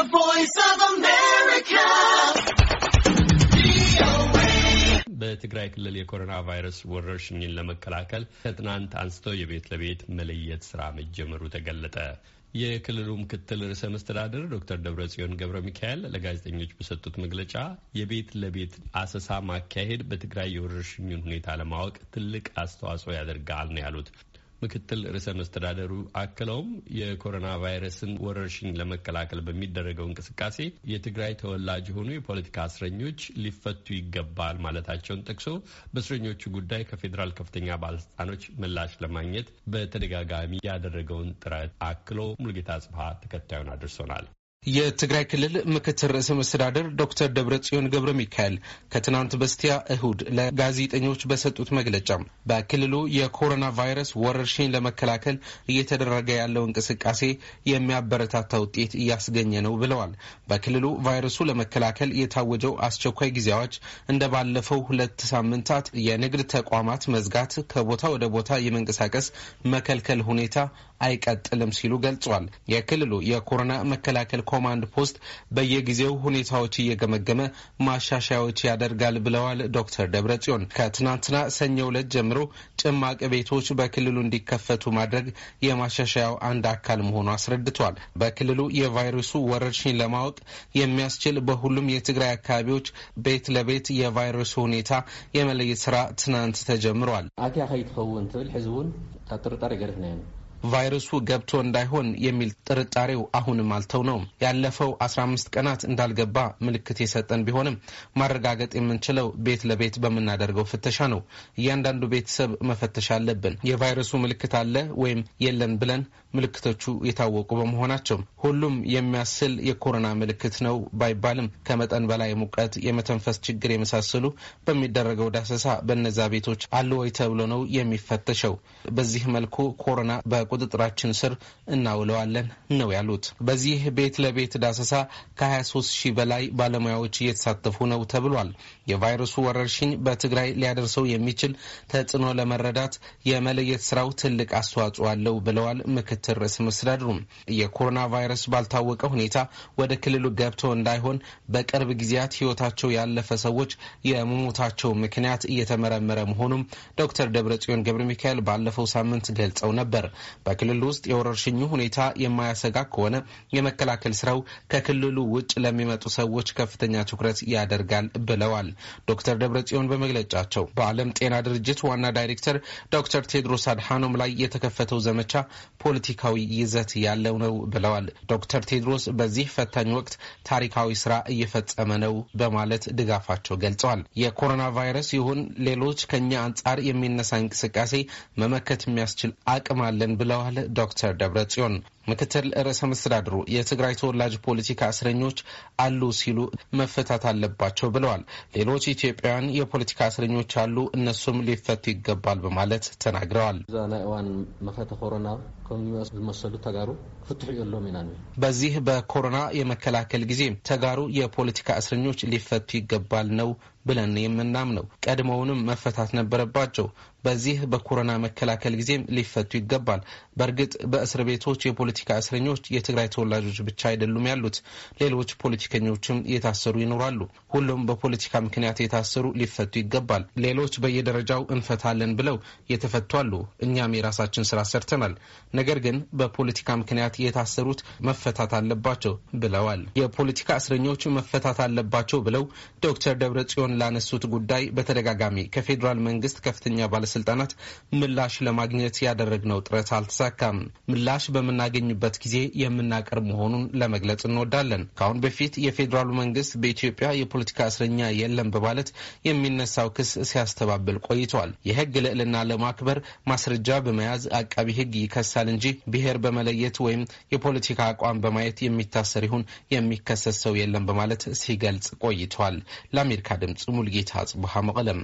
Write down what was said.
The Voice of America. በትግራይ ክልል የኮሮና ቫይረስ ወረርሽኝን ለመከላከል ከትናንት አንስቶ የቤት ለቤት መለየት ስራ መጀመሩ ተገለጠ። የክልሉ ምክትል ርዕሰ መስተዳደር ዶክተር ደብረጽዮን ገብረ ሚካኤል ለጋዜጠኞች በሰጡት መግለጫ የቤት ለቤት አሰሳ ማካሄድ በትግራይ የወረርሽኙን ሁኔታ ለማወቅ ትልቅ አስተዋጽኦ ያደርጋል ነው ያሉት። ምክትል ርዕሰ መስተዳደሩ አክለውም የኮሮና ቫይረስን ወረርሽኝ ለመከላከል በሚደረገው እንቅስቃሴ የትግራይ ተወላጅ የሆኑ የፖለቲካ እስረኞች ሊፈቱ ይገባል ማለታቸውን ጠቅሶ በእስረኞቹ ጉዳይ ከፌዴራል ከፍተኛ ባለስልጣኖች ምላሽ ለማግኘት በተደጋጋሚ ያደረገውን ጥረት አክሎ ሙልጌታ ጽብሃ ተከታዩን አድርሶናል። የትግራይ ክልል ምክትል ርዕሰ መስተዳደር ዶክተር ደብረጽዮን ገብረ ሚካኤል ከትናንት በስቲያ እሁድ ለጋዜጠኞች በሰጡት መግለጫ በክልሉ የኮሮና ቫይረስ ወረርሽኝ ለመከላከል እየተደረገ ያለው እንቅስቃሴ የሚያበረታታ ውጤት እያስገኘ ነው ብለዋል። በክልሉ ቫይረሱ ለመከላከል የታወጀው አስቸኳይ ጊዜያዎች እንደ ባለፈው ሁለት ሳምንታት የንግድ ተቋማት መዝጋት፣ ከቦታ ወደ ቦታ የመንቀሳቀስ መከልከል ሁኔታ አይቀጥልም ሲሉ ገልጿል። የክልሉ የኮሮና መከላከል ኮማንድ ፖስት በየጊዜው ሁኔታዎች እየገመገመ ማሻሻያዎች ያደርጋል ብለዋል ዶክተር ደብረ ጽዮን። ከትናንትና ሰኞ ዕለት ጀምሮ ጭማቂ ቤቶች በክልሉ እንዲከፈቱ ማድረግ የማሻሻያው አንድ አካል መሆኑ አስረድቷል። በክልሉ የቫይረሱ ወረርሽኝ ለማወቅ የሚያስችል በሁሉም የትግራይ አካባቢዎች ቤት ለቤት የቫይረሱ ሁኔታ የመለየት ስራ ትናንት ተጀምሯል። አትያ ከይትኸውን ትብል ሕዝቡን ካብ ጥርጣሬ ቫይረሱ ገብቶ እንዳይሆን የሚል ጥርጣሬው አሁንም አልተው ነው። ያለፈው አስራ አምስት ቀናት እንዳልገባ ምልክት የሰጠን ቢሆንም ማረጋገጥ የምንችለው ቤት ለቤት በምናደርገው ፍተሻ ነው። እያንዳንዱ ቤተሰብ መፈተሻ አለብን። የቫይረሱ ምልክት አለ ወይም የለን ብለን ምልክቶቹ የታወቁ በመሆናቸው ሁሉም የሚያስል የኮሮና ምልክት ነው ባይባልም ከመጠን በላይ ሙቀት፣ የመተንፈስ ችግር የመሳሰሉ በሚደረገው ዳሰሳ በነዛ ቤቶች አለወይ ወይ ተብሎ ነው የሚፈተሸው። በዚህ መልኩ ኮሮና በ ቁጥጥራችን ስር እናውለዋለን ነው ያሉት። በዚህ ቤት ለቤት ዳሰሳ ከ23 ሺህ በላይ ባለሙያዎች እየተሳተፉ ነው ተብሏል። የቫይረሱ ወረርሽኝ በትግራይ ሊያደርሰው የሚችል ተጽዕኖ ለመረዳት የመለየት ስራው ትልቅ አስተዋጽኦ አለው ብለዋል ምክትል ርዕሰ መስተዳድሩ። የኮሮና ቫይረስ ባልታወቀ ሁኔታ ወደ ክልሉ ገብቶ እንዳይሆን በቅርብ ጊዜያት ህይወታቸው ያለፈ ሰዎች የመሞታቸው ምክንያት እየተመረመረ መሆኑም ዶክተር ደብረጽዮን ገብረ ሚካኤል ባለፈው ሳምንት ገልጸው ነበር። በክልሉ ውስጥ የወረርሽኙ ሁኔታ የማያሰጋ ከሆነ የመከላከል ስራው ከክልሉ ውጭ ለሚመጡ ሰዎች ከፍተኛ ትኩረት ያደርጋል ብለዋል። ዶክተር ደብረጽዮን በመግለጫቸው በዓለም ጤና ድርጅት ዋና ዳይሬክተር ዶክተር ቴድሮስ አድሃኖም ላይ የተከፈተው ዘመቻ ፖለቲካዊ ይዘት ያለው ነው ብለዋል። ዶክተር ቴድሮስ በዚህ ፈታኝ ወቅት ታሪካዊ ስራ እየፈጸመ ነው በማለት ድጋፋቸው ገልጸዋል። የኮሮና ቫይረስ ይሁን ሌሎች ከኛ አንጻር የሚነሳ እንቅስቃሴ መመከት የሚያስችል አቅም አለን ብለዋል ዶክተር ደብረ ጽዮን። ምክትል ርዕሰ መስተዳድሩ የትግራይ ተወላጅ ፖለቲካ እስረኞች አሉ ሲሉ መፈታት አለባቸው ብለዋል። ሌሎች ኢትዮጵያውያን የፖለቲካ እስረኞች አሉ፣ እነሱም ሊፈቱ ይገባል በማለት ተናግረዋል። እዛ ናይ እዋን ኮሮና ዝመሰሉ ተጋሩ ፍትሕ የሎም ኢና በዚህ በኮሮና የመከላከል ጊዜ ተጋሩ የፖለቲካ እስረኞች ሊፈቱ ይገባል ነው ብለን የምናምነው። ቀድሞውንም መፈታት ነበረባቸው። በዚህ በኮሮና መከላከል ጊዜም ሊፈቱ ይገባል። በእርግጥ በእስር ቤቶች የፖለቲካ እስረኞች የትግራይ ተወላጆች ብቻ አይደሉም ያሉት፣ ሌሎች ፖለቲከኞችም የታሰሩ ይኖራሉ። ሁሉም በፖለቲካ ምክንያት የታሰሩ ሊፈቱ ይገባል። ሌሎች በየደረጃው እንፈታለን ብለው የተፈቱ አሉ። እኛም የራሳችን ስራ ሰርተናል። ነገር ግን በፖለቲካ ምክንያት የታሰሩት መፈታት አለባቸው ብለዋል። የፖለቲካ እስረኞች መፈታት አለባቸው ብለው ዶክተር ደብረ ጽዮን ላነሱት ጉዳይ በተደጋጋሚ ከፌዴራል መንግስት ከፍተኛ ባለስልጣናት ምላሽ ለማግኘት ያደረግነው ጥረት አልተሳካም። ምላሽ በምናገኝበት ጊዜ የምናቀርብ መሆኑን ለመግለጽ እንወዳለን። ከአሁን በፊት የፌዴራሉ መንግስት በኢትዮጵያ የፖለቲካ እስረኛ የለም በማለት የሚነሳው ክስ ሲያስተባብል ቆይቷል። የህግ ልዕልና ለማክበር ማስረጃ በመያዝ አቃቢ ህግ ይከሳል እንጂ ብሔር በመለየት ወይም የፖለቲካ አቋም በማየት የሚታሰር ይሁን የሚከሰስ ሰው የለም በማለት ሲገልጽ ቆይቷል። ለአሜሪካ ድምጽ ሙልጌታ ጽብሃ መቐለም